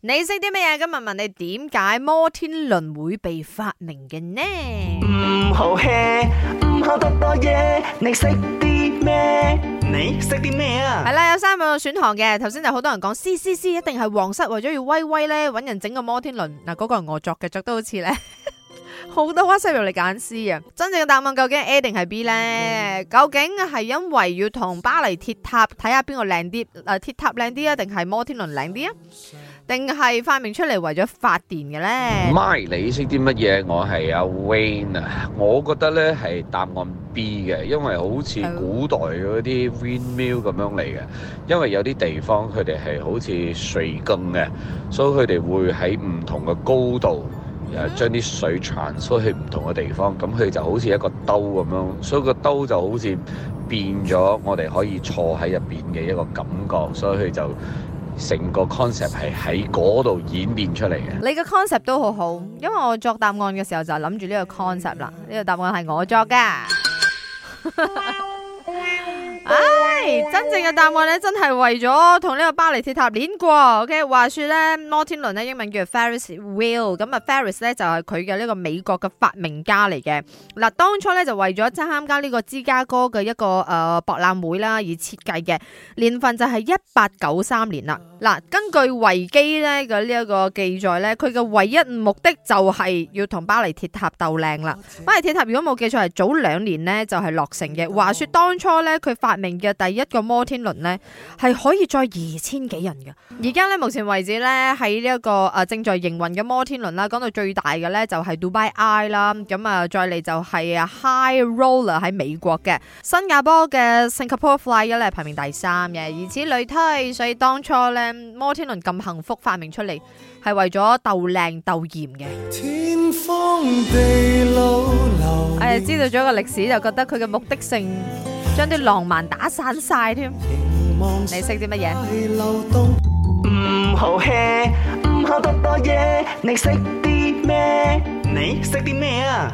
你識啲咩嘢？咁問問你點解摩天輪會被發明嘅呢？唔、嗯、好 hea 唔、嗯、好得多嘢。你識啲咩？你識啲咩啊？係啦，有三個選項嘅。頭先就好多人講，C C C 一定係皇室為咗要威威咧，搵人整個摩天輪。嗱、那個，嗰個我作嘅作都好似咧。好多 WhatsApp 用嚟揀 C 啊！真正嘅答案究竟 A 定係 B 呢？究竟係因為要同巴黎鐵塔睇下邊個靚啲？誒，鐵塔靚啲啊，定係摩天輪靚啲啊？定係發明出嚟為咗發電嘅呢？唔係，你識啲乜嘢？我係阿 Wayne 啊！我覺得呢係答案 B 嘅，因為好似古代嗰啲 windmill 咁樣嚟嘅，因為有啲地方佢哋係好似水耕嘅，所以佢哋會喺唔同嘅高度，誒將啲水傳出去唔同嘅地方，咁佢就好似一個兜咁樣，所以個兜就好似變咗，我哋可以坐喺入面嘅一個感覺，所以佢就成個 concept 係喺嗰度演變出嚟嘅。你嘅 concept 都好好，因為我作答案嘅時候就諗住呢個 concept 啦，呢個答案係我作㗎。 啊真正嘅答案咧，真係為咗同呢個巴黎鐵塔連過。OK，話說咧，摩天輪咧，英文叫 Ferris Wheel，咁啊，Ferris 咧就係佢嘅呢個美國嘅發明家嚟嘅。嗱，當初咧就為咗真參加呢個芝加哥嘅一個誒、呃、博覽會啦而設計嘅，年份就係一八九三年啦。嗱，根據維基咧嘅呢一個記載咧，佢嘅唯一目的就係要同巴黎鐵塔鬥靚啦。巴黎鐵塔如果冇記錯係早兩年咧就係落成嘅。哦、話說當初咧，佢發明嘅第一個摩天輪咧，係可以載二千幾人嘅。而家咧，目前為止咧，喺呢一個誒正在營運嘅摩天輪啦，講到最大嘅咧就係、是、Dubai Eye 啦，咁啊再嚟就係啊 High Roller 喺美國嘅，新加坡嘅 Singapore Flyer 咧排名第三嘅，以此類推，所以當初咧。摩天輪咁幸福發明出嚟，係為咗鬥靚鬥艷嘅。天荒地老流年。誒、哎，知道咗個歷史就覺得佢嘅目的性將啲浪漫打散晒添。你識啲乜嘢？唔好，唔好多嘢。你識啲咩？你識啲咩？